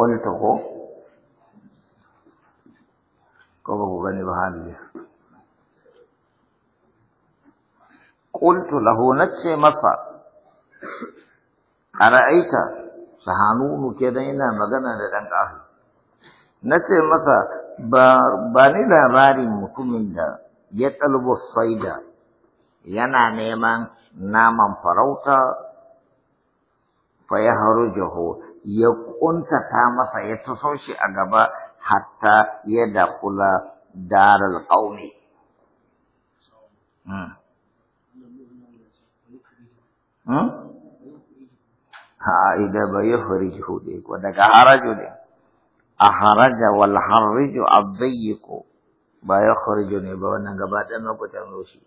qultu ko ko ba ku gani ba hali qultu lahu nace masa ara'aita sahanunu kenan ina magana da dan Na nace masa ba ni labarin mutumin da ya talbo saida yana neman naman farauta fa ya harujahu ya ƙuntata masa ya taso shi a gaba hatta ya dakula daral ƙaumi. Ka'ida hmm. hmm? ba ya huriji hude ko daga harajo ne, a haraja wal harijo abdayyiko ba ya hurijo ne ba wannan gaba ɗan lokutan roshi.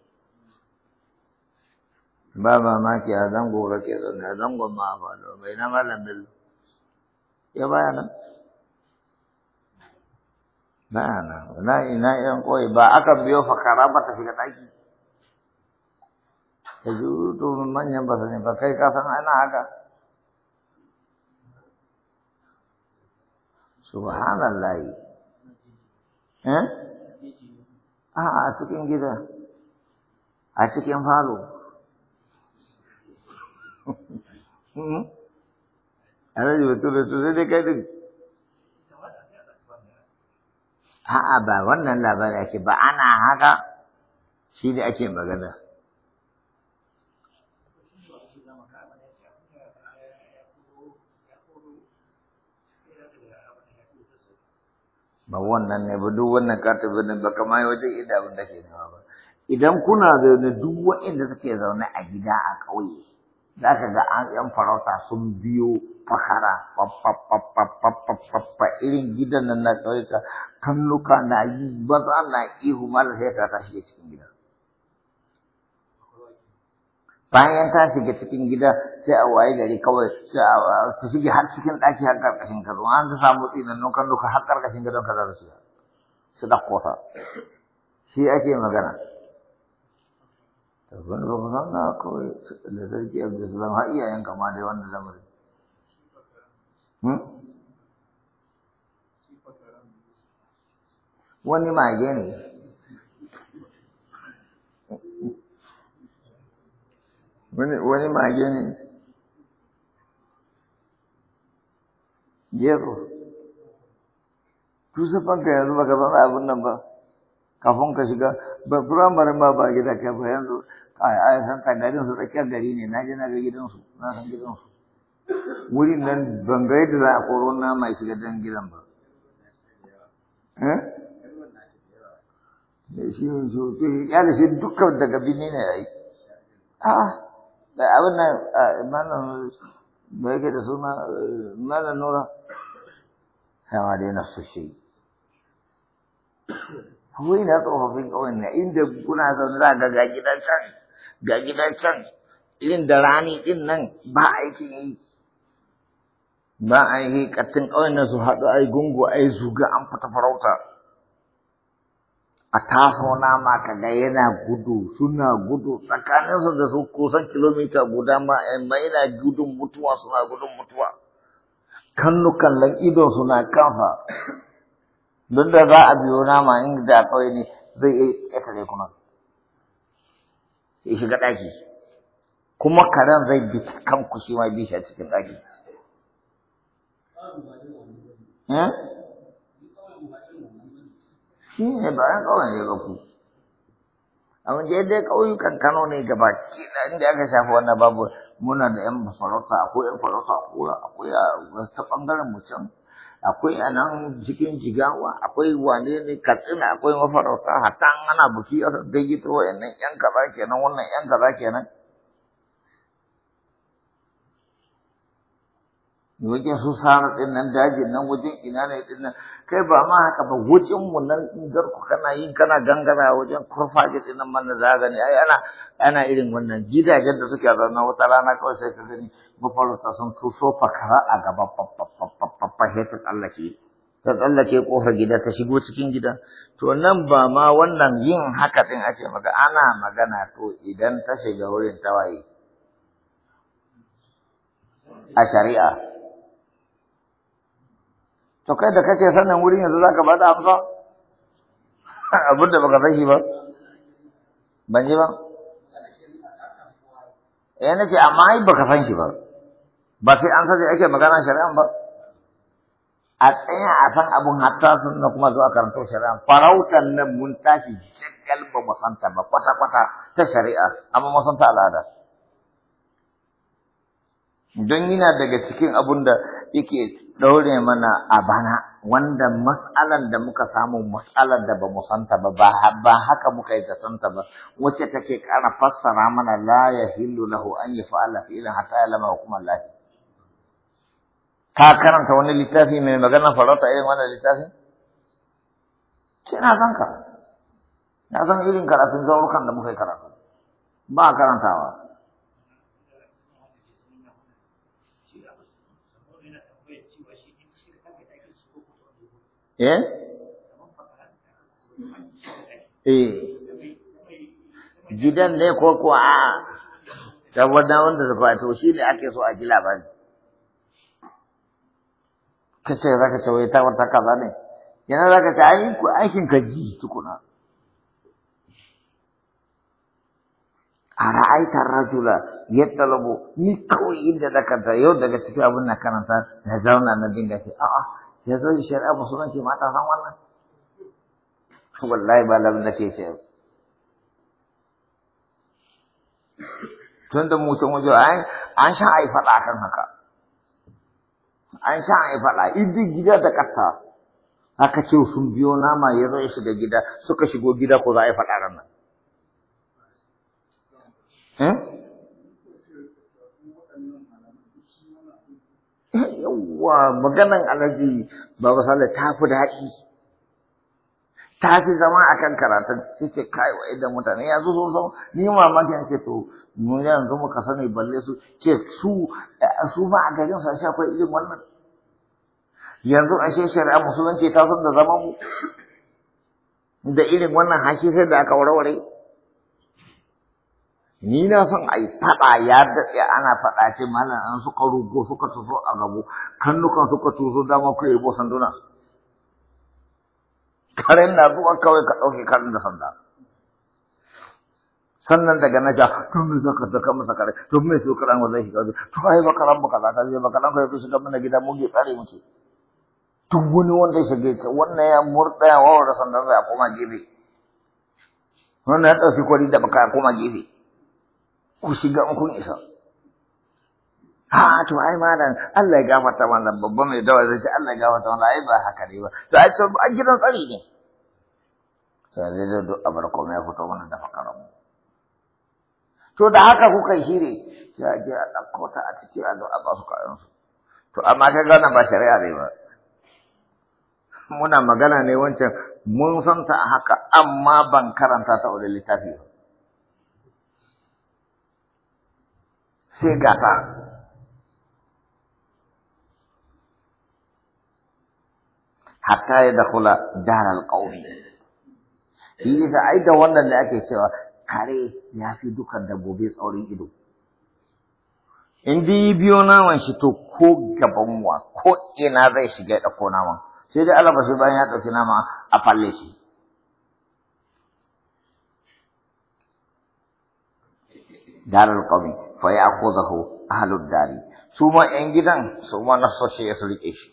Ba mamaki a zango kake zaune, a zangon ma a faɗo, bai na malamin. ya baya nan na'ana na ina yan koyi ba aka biyo fakara ba ta shiga daki ta ji to manyan ba sani ba kai ka san ana haka Subhanallah. eh a a cikin gida a cikin falo alhaji juga to sai dai kai din a'a ba wannan labarin ake ba ana haka shi da ake magana ba wannan ne ba duk wannan katibin ne ba kama yi wajen inda da ke ba idan kuna zaune duk wa'inda suke zaune a gida a ƙauye za ka ga an yan farauta sun biyo fakara fafafafafafafa irin gidan nan na ƙauyuka kannuka na yi baza na ihu mara sai ta tashi cikin gida bayan ta shiga cikin gida sai a waye gari kawai su shige har cikin ɗaki har ƙarƙashin gado an ta samu tsinannun kannuka har ƙarƙashin gadon ka za su shiga su ɗauko ta shi ake magana ba ku san na kawai da sarki abdulsalam har iyayen kama dai wannan lamarin hmm? wani mage ne wani mage ne gero tu sufan ka yanzu baka zama abin nan ba kafin ka shiga ba firamaren ba ba gida kai ba yanzu a san ta garin su tsakiyar gari ne na je na ga gidansu na san gidansu wurin nan ban ga yadda za a koro na mai shiga dan gidan ba da eh? shi shi ya da shi dukkan daga bini ne yayi a da abin nan malam ba yake da suna eh, malam nura yawa dai na su shi wai na tsofaffin ƙauyen na inda kuna zaune za ga ga gidan can ga can da rani in nan ba aikin yi ba a yi ƙattun ƙauyen nan su haɗu a yi gungu ai zuga an fita farauta a taso nama da yana gudu suna gudu tsakaninsu da su kusan kilomita guda ma yana gudun mutuwa suna gudun mutuwa kannu kallon idon suna kansa don da za a biyo nama in da kawai ne zai iya ƙetare kuma ya shiga ɗaki kuma karen zai bi kan ku shi ma bi cikin ɗaki eh? shi ne ya kawai ya ba ku amma je dai ƙauyukan kano ne gaba kila inda aka shafi wannan babu muna da yan farauta akwai yan farauta akwai ta ɓangaren mu can akwai a nan cikin jigawa akwai wane ne katsina akwai mafarauta hatta an ana buki a gaggito wa'annan yan kaza kenan wannan yan kaza kenan wajen su sara din nan dajin nan wajen ina ne din nan kai ba ma haka ba wajen mu nan in garku kana yin kana gangara wajen kurfaje din nan mana zagani ai ana ana irin wannan gidajen da suke zauna wata rana kawai sai ka gani mafarauta sun tuso fakara a gaba kwaffashe ta tsallake ta ke kofar gida ta shigo cikin gida to nan ba ma wannan yin haka din ake maka ana magana to idan ta shiga wurin tawaye a shari'a to kai da kake sanin wurin yanzu zaka bada amsa abin da baka san shi ba ban ji ba yana eh, ce amma ai baka san shi ba ba sai an sace ake magana shari'an ba a tsaya a san abun hatta na kuma zuwa karanta shari'a farautan nan mun tashi shagal ba mu santa ba kwata kwata ta shari'a amma mu santa al'ada don yana daga cikin abun da yake ɗaure mana a bana wanda matsalan da muka samu matsalan da ba mu santa ba ba haka muka yi ta santa ba wacce take kara fassara mana la ya lahu an yi fa'ala fi irin hatta ya lama hukumar lafiya. ka karanta wani littafi mai magana farauta irin wannan littafin ke na san ka na san irin karatun zaurukan da muka yi karatu ba karantawa Eh? Eh. Gidan ne ko kuwa a, saboda wanda suka to shi ne ake so a ji labari. ka ce za ka ce wai ta wata kaza ne yana za ka ce ai ku aikin ka ji tukuna a ra'aitar rajula ya talabo ni kawai inda da ta yau daga cikin abin na karanta na zauna na dinga ce a'a ya zo shari'a musulunci mata san wannan wallahi ba labin da ke ce tun da mutum wajen an sha a yi faɗa kan haka an sha a yi faɗa idi gida da ƙasa aka ce sun biyo nama ya zo ya shiga gida suka shigo gida ko za a yi faɗa ran nan. Eh? Eh, yawwa maganan alaji ba misali ta fi daɗi. ta fi zama a kan karatun sai ce kai wa idan mutane ya zo zo ni mamakin ce to mu yanzu muka sani balle su ce su su ba a garin sa shi akwai irin wannan yanzu a shi shari'a musulunci ta san da zama mu da irin wannan hashi sai da aka warware ni na son a yi faɗa ya daɗe ana faɗa ce malam an suka rugo suka tuso a gabo kannukan suka tuso dama yi bosan dunas karen na zuwa kawai ka ɗauke karen da sanda sannan daga na ja to me zaka zaka masa kare to me so karan wallahi ka to ai ba karan ba kaza kaje ba karan ka gaba na gida mu ge tsare muke duk wani wanda ya shige ta wannan ya murda ya wawar sannan zai a koma gefe wannan ya ɗauki kwari da baka koma gefe ku shiga in kun isa a to ai malam Allah ya gafarta malam babban mai dawa zai ce Allah ya gafarta malam ai ba haka ne ba to ai to an gidan tsari ne to zai da duk abarko mai fito mana da fakaran mu to da haka kuka shiri sai a je a ɗauko ta a ciki a zo a ba su kayan su to amma ka gana ba shari'a ne ba muna magana ne wancan mun san ta haka amma ban karanta ta wani littafi ba sai gata hatta ya dakula daral qaumi shi yasa da wannan ne ake cewa kare ya fi da dabbobi tsaurin ido in dai biyo naman shi to ko gaban wa ko ina zai shiga ya ɗauko naman sai dai Allah basu bayan ya ɗauki nama a falle shi darar ƙaumi fa ya akhudhahu ahlud dari su ma ƴan gidan su ma nasoshi ya su rike shi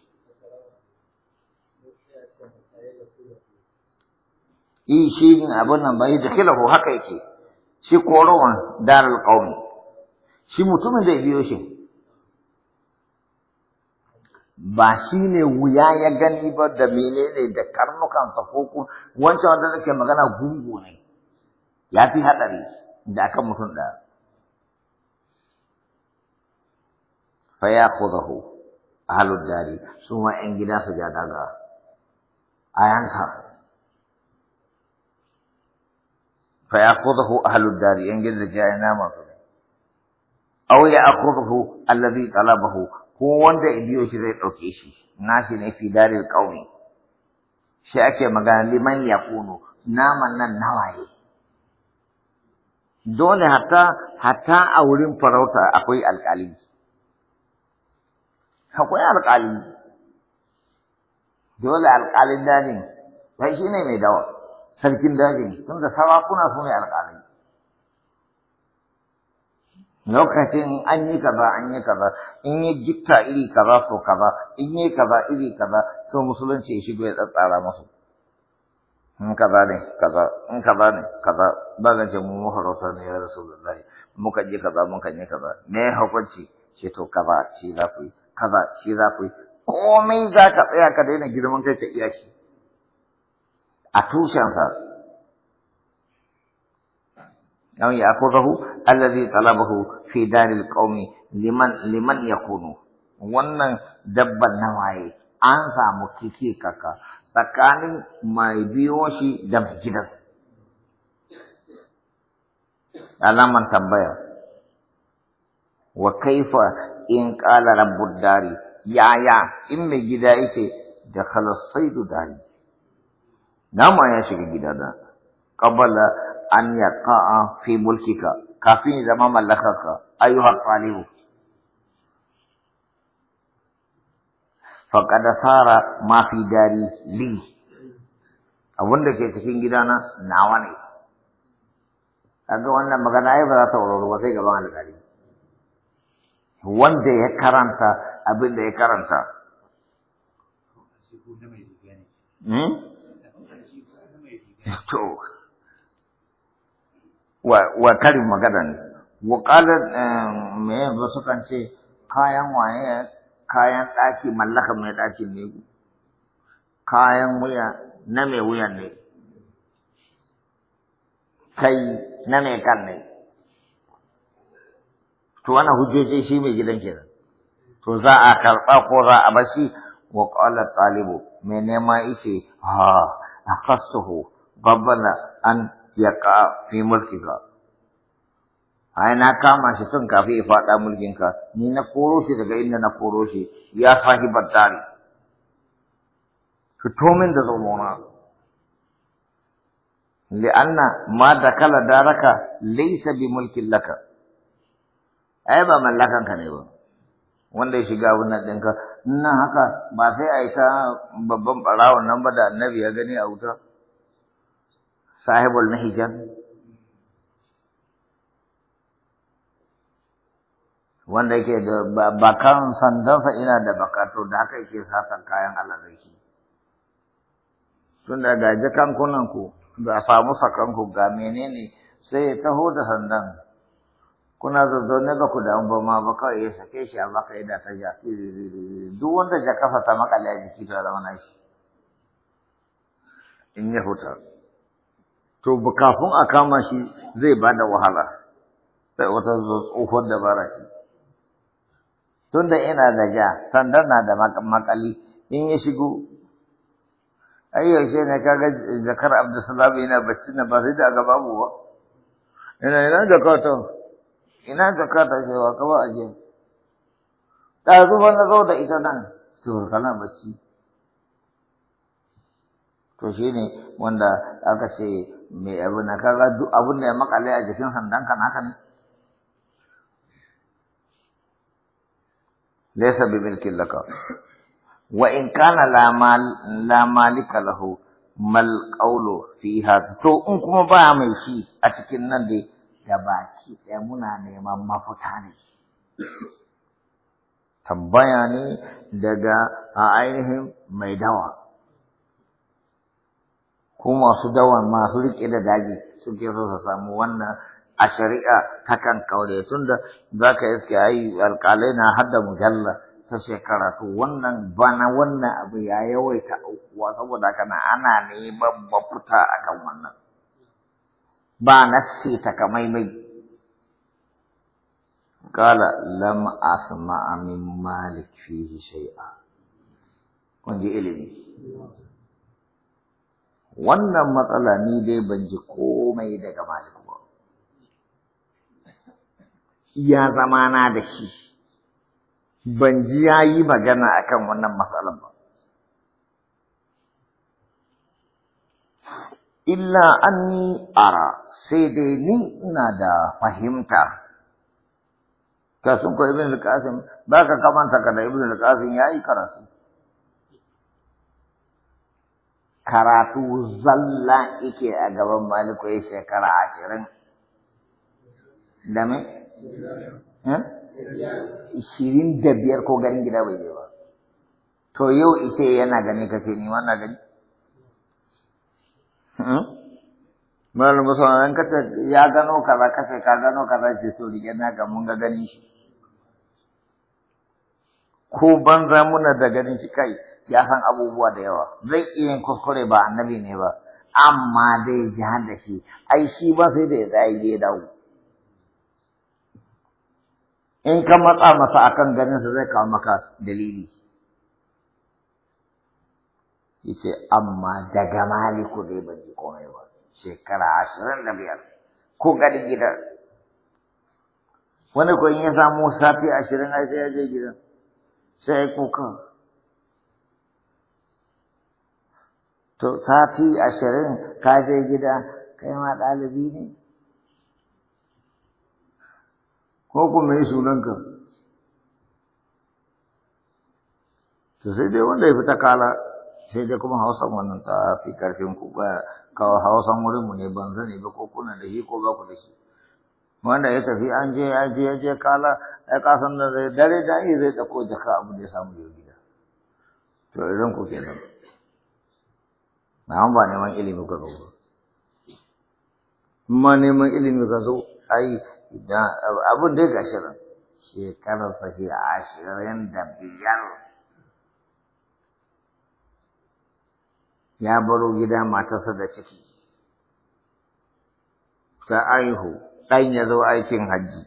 yi e, shi abin nan bai ko haka yake shi korowan daral qaumi shi mutumin da biyo shi ba shi ne wuya ya gani ba da menene da karnukan ko wancan wanda nake magana gungu ne ya fi haɗari da akan mutum ɗaya fa ya khudahu ahlud dari su ma 'yan gida su ja daga ayanka fa ya'khudhu ahlud dari yan gidan da ya nama su aw ya'khudhu alladhi talabahu ko wanda ibiyo shi zai ɗauke shi nashi ne fi daril qaumi ake magana liman yakunu naman nan nawaye dole hatta a wurin farauta akwai alƙali akwai alƙali dole alƙalin dani sai mai dawa sarkin dajin tun da sarakuna su ne alƙalai lokacin an yi kaza an yi kaza in yi gitta iri kaza to kaza in yi kaza iri kaza So musulunci ya shigo ya tsatsara musu in kaza ne kaza in kaza ne kaza ba zan ce mu maharauta ne ya rasu rasulullahi muka je kaza muka yi kaza me hukunci ce to kaza shi za ku yi kaza shi za ku yi komai za ka tsaya ka daina girman kai ka iya shi a tushensa ya يأخذه allazi talabahu fi daril qaumi liman liman yakunu wannan dabban nawaye an samu kike kaka tsakanin mai biyo shi da mai gidan alaman tambaya wa kaifa in qala rabbud dari yaya in mai gida yake da khalas saidu dari nama ya shiga gidana qabala an ka'a fi mulkika kafin zama mallakaka ayyuhal talibu faqad sara tsara mafi dari li abunda ke cikin gidana nawa ne kaga wannan magana ai ba za ta warware ba sai gaban alƙali wanda ya karanta abin da ya karanta to wa wa karin magana ne wa qala eh, me ba su kan ce kayan waye kayan daki mallaka mai daki ne kayan wuya na mai wuya ne kai na mai kan ne to wannan hujjoji shi mai gidan kenan to za a karɓa ko za a bashi wa qala talibu mai nema yake ha akastuhu قبل أن fi mulki ka, ai na kama shi tun kafin ya faɗa ka? ni na koro shi daga inda na koro shi ya sahi battari fito min da zomona li'anna ma da kala daraka laisa bi mulkin laka ai ba mallakan ka ne ba wanda ya shiga wannan ka. Ina haka ba sai a babban ɓarawon nan ba da annabi ya gani a wuta Sahibol nahijan wanda yake da bakan sandansa ina da bakato da haka yake satan kayan alarraki tun da ga jakankunan ku da samu sakanku ga menene sai ya taho da sandan kuna zazzaune ba ku damu ba ma ba kawai ya sake shi a baka da ta ja duk wanda kafa ta makale a jiki to ya zama nashi in ya huta to kafin a kama shi zai ba da wahala sai wata tsohon dabara tun tunda yana da ja sandar na da makali in ya shigo ai yaushe ne kaga zakar abdulsalam yana bacci na ba sai da ga babu ba ina ina kato ina zakata cewa kaba aje ta ba na zo da ita nan to kana bacci to shine wanda aka ce Me abu na kaga duk abun da ya makale a jikin sandan kan haka ne laysa bi milkin laka wa in kana la mal la malika lahu mal qawlu fiha to in kuma ba mai shi a cikin nan dai da baki ɗaya muna neman mafuta ne tambaya ne daga a ainihin mai dawa ko masu dawa masu rike da daji suke so su samu wannan a shari'a takan kaure tunda za ka iske ai alƙalai na hadda mujalla ta shekara to wannan bana wannan abu ya yawaita aukuwa saboda kana ana neman mafuta akan wannan ba nassi takamaimai kala lam أسمع min malik fihi shay'a kun ji ilimi wannan matsala ni dai ban ji komai daga maliku ba zama na da shi ban ji ya yi magana akan wannan matsalan ba illa anni ara sai dai ni ina da fahimta ka sun ko ibn al-qasim ba ka kamanta ka da ibn al-qasim yayi karatu karatu zalla yake a gaban maliku ya shekara ashirin da mai? ishirin da biyar ko ganin gida bai je ba to yau ise yana gani ka ce ni wannan gani malam musamman ka ya gano kaza ka ka gano kaza ce so rike na ga mun ga ganin shi ko banza muna da ganin shi kai ya san abubuwa da yawa zai iya yin kuskure ba annabi ne ba amma dai jihar da shi ai shi ba sai da ya tsaye ya dawo in ka matsa masa kan ganin sa zai kawo maka dalili ce amma daga maliku dai ban ji komai ba shekara ashirin da biyar ko gadi gidan wani ko ya samu safi ashirin ai sai ya je gidan sai ya kuka To sati ashirin ka je gida kai ma ɗalibi ne? Ko kuma yi sunanka? To sai dai wanda ya fita kala sai dai kuma hausan wannan ta fi karfin ku ba kawo hausan mu ne ban sani ba ko kuna da shi ko ba ku da shi. Wanda ya tafi an je ya je ya je kala ya kasan da zai dare da yi zai ɗauko jaka abu da ya samu yau gida. To idan ku kenan. na ba neman ilimi ka zo ma neman ilimi ka zo ai idan abin dai gashi nan shekarar ashirin ya baro gida matarsa da ciki ta aihu ɗan ya zo aikin hajji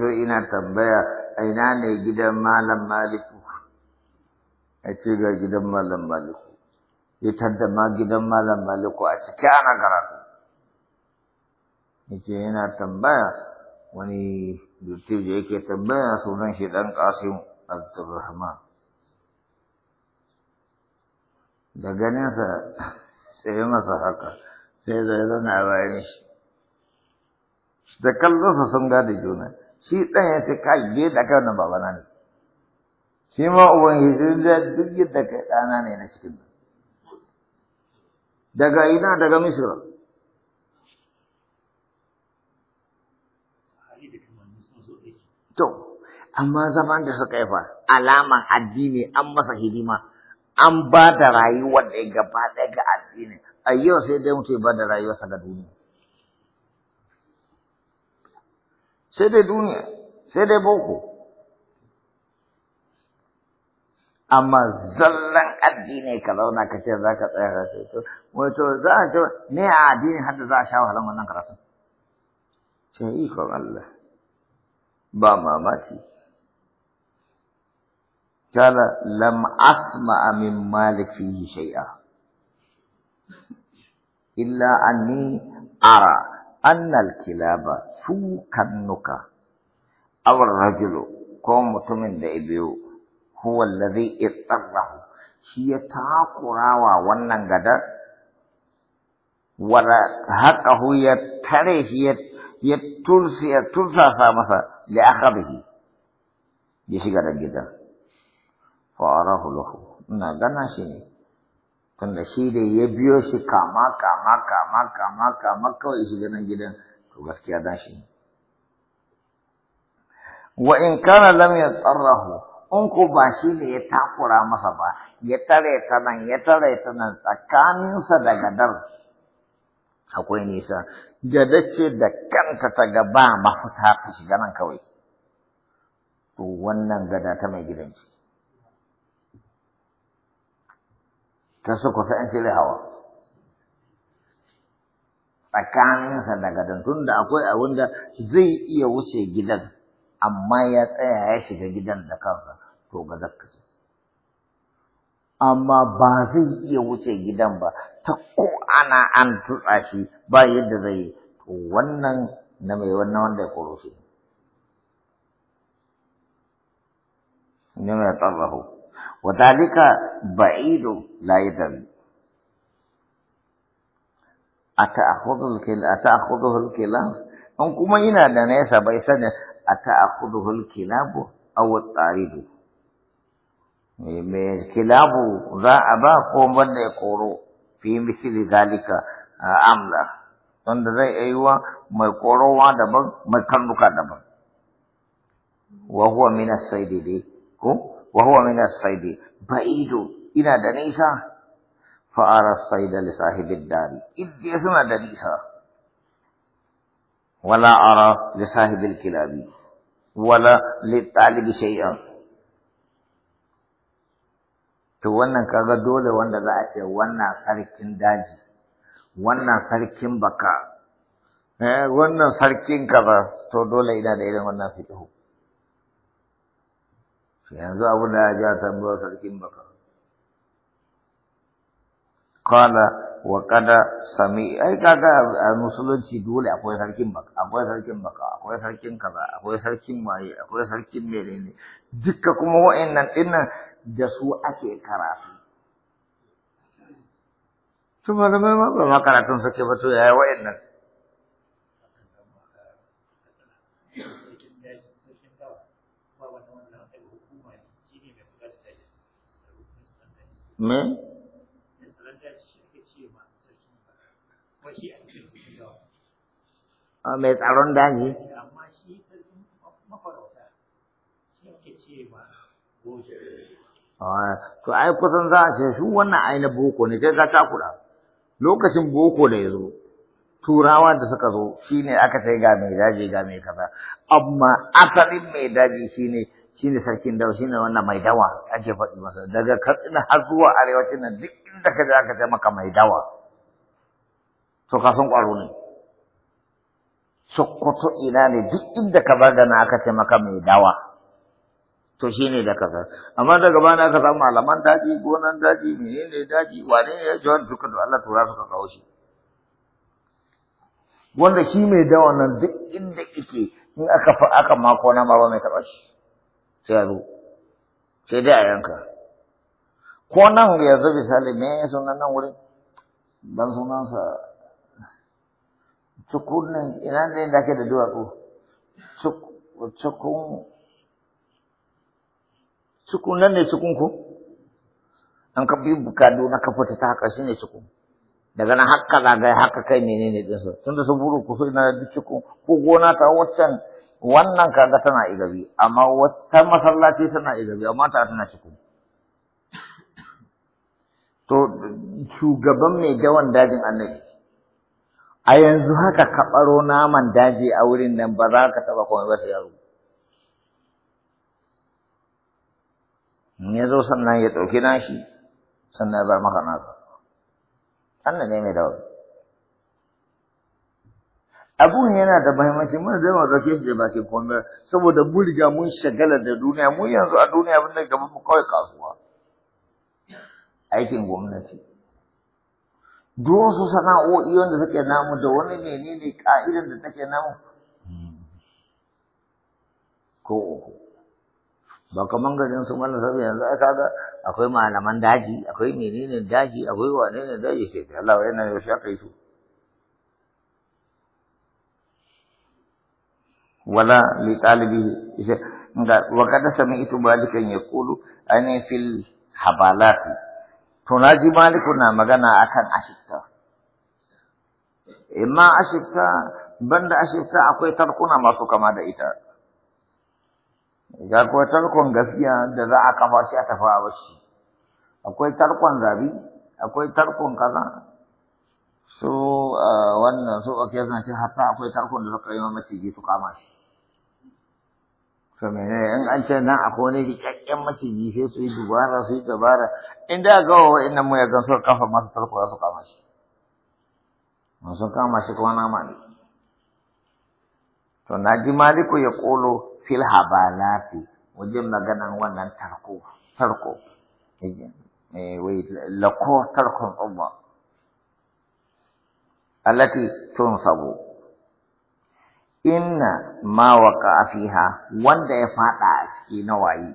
zo ina tambaya ina ne gidan malam malik ya ce ga gidan malam maliku ya tadda ma gidan malam maliku a ciki ana karatu ya yana tambaya wani dutse da yake tambaya sunan shi dan kasim abdulrahman da ganinsa sai masa haka sai zai zana bayan shi da kallonsa sun gada juna shi ɗan ya ce kai je da kan babana ne shi ma ubangiji duk yadda kai ɗana ne na cikin daga ina daga misira to amma zaman da suka yi fa alaman addini an masa hidima an ba da rayuwar da gaba ɗaya ga addini a yau sai dai mutu ba da rayuwarsa ga duniya sai dai duniya sai dai boko amma zallan addini ka zauna ka ce za ka tsaya ka ce to wato za a ce ne a addini har da za a sha wahalan wannan karatun ce ikon Allah ba mamaki kala lam asma min malik fihi shay'a illa anni ara anna al-kilaba sukan nuka aw rajulu ko mutumin da ibiyo هو الذي اضطره هي تاكوراوا ونن غدا ورا حق هو يتري هي يتلسي تلسا سامسا لأخذه يشي غدا جدا فأراه له نغنى شيني تن شي دي يبيو شي كاما كاما كاما كاما كاما كو يشي غدا جدا تو بس كيا وإن كان لم يضطره in ko ba shi ne ya takura masa ba ya tare ta nan ya tare ta nan tsakaninsa da gadar akwai nisa gada ce da kanta ta gaba mafita ta shiga nan kawai to wannan gada ta mai gidanci ta su kusa an cire hawa tsakaninsa da gadan tun da akwai abin da zai iya wuce gidan amma ya tsaya ya shiga gidan da kansa to ga zakka ce amma ba zai iya wuce gidan ba ta ko ana an tutsa shi ba yadda zai yi to wannan na mai wannan wanda ya koro shi ne mai tsarrahu wadalika dalika ba'idu la a ata akhudhu al-kila ata kuma yana da nesa bai sani أتأخذه الكلاب أو الطارد الكلاب ذا أبا قوم يقولوا في مثل ذلك أملا wanda zai aiwa mai korowa daban mai karnuka daban wa huwa min as-saidi dai ko wa huwa min as-saidi ba'idu ina da nisa fa ara as-saida li sahibi dari idda suna da nisa wala ara li sahibi al-kilabi wala littalibi shay'an to wannan kaga dole wanda za a ce wannan sarkin daji wannan sarkin baka eh wannan sarkin kaza to dole ina da irin wannan fiqhu yanzu abu da ya ja tambayar sarkin baka qala wakada sami ai kaga a musulunci dole akwai sarkin baka akwai sarkin baka akwai sarkin kaza akwai sarkin waye akwai sarkin menene dukka kuma wa'annan dinnan da su ake karatu su ma ba makaratun suke ba to yaya wa'annan Ah, mai tsaron daji ah, to ai kusan za a ce shi wannan ai na boko ne kai ka lokacin boko da ya zo turawa da suka zo shine aka sai ga mai daji ga mai kasa, amma asalin mai daji shine shine sarkin dawa shine wannan mai dawa ake faɗi masa daga katsina har zuwa arewacin nan duk inda ka je aka sai maka mai dawa to ka san ƙwaro ne sokoto ina ne duk inda ka bar da na aka ce maka mai dawa to shi ne da kaza amma daga bana aka samu malaman daji gonan daji ne daji wane ya ji wani duka da Allah tura suka kawo shi wanda shi mai dawa nan duk inda kike in aka fa aka mako na ma ba mai taba shi sai abu sai dai a yanka ko nan yanzu misali me sunan nan wurin dan sunansa sukun ne ina ne da ke da duwatsu sukun sukun nan ne sukun ku an ka bi bukadu na ka fita ta haka shine sukun daga nan haka zagaye haka kai menene din su tunda su buru ku ina da sukun ko gona ta waccan wannan kaga tana igabi amma wata masallaci tana bi, amma ta tana sukun to shugaban mai dawan dajin annabi a yanzu haka ka ɓaro naman daji a wurin nan ba za ka taɓa kome ba sai yaro ya zo sannan ya ɗauki nashi sannan ya bar maka nasa Sannan ne mai dawo abun yana da mahimmanci mun zai mu ɗauke shi da bakin kome saboda mun riga mun shagala da duniya mun yanzu a duniya abin da gaba mu kawai kasuwa aikin gwamnati duk wasu sana'o'i wanda suke namu da wani ne ka'idan da take namu ko uku ba kaman garin su mallan sabi yanzu ai kaga akwai malaman daji akwai menene daji akwai wane ne daji sai Allah yana yaushe aka yi su wala li talibihi ga wa kada sami itu balikan yaqulu ani fil habalati To na ji Maliku na magana akan ashifta. Imma ashifta banda ashifta akwai tarkuna masu kama da ita. Ga kuwa tarkon gaskiya da za a kafa shi a tafi a Akwai tarkon zabi, akwai tarkon kaza. So ah, wannan so ake zance hatta akwai tarkon da suka yi maciji su kama shi. sannan in an ce nan akwai wani rikakken maciji sai su yi dubara su yi dabara in da ga wa inna mu ya gan su kafa masu tarko su kama shi mun sun kama shi kuma nama ne to na ji maliku ya kolo fil habalati wajen maganan wannan tarko tarko eh, wai lako tarkon umma allati sabo. inna ma a fiha wanda ya fada a ciki na waye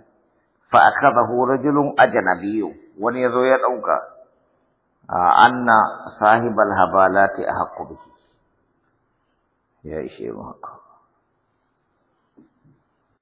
fa akadahu rajulun ajnabiyyu wani yazo ya dauka anna sahibal habalati haƙƙo biki, ya ishe mu haka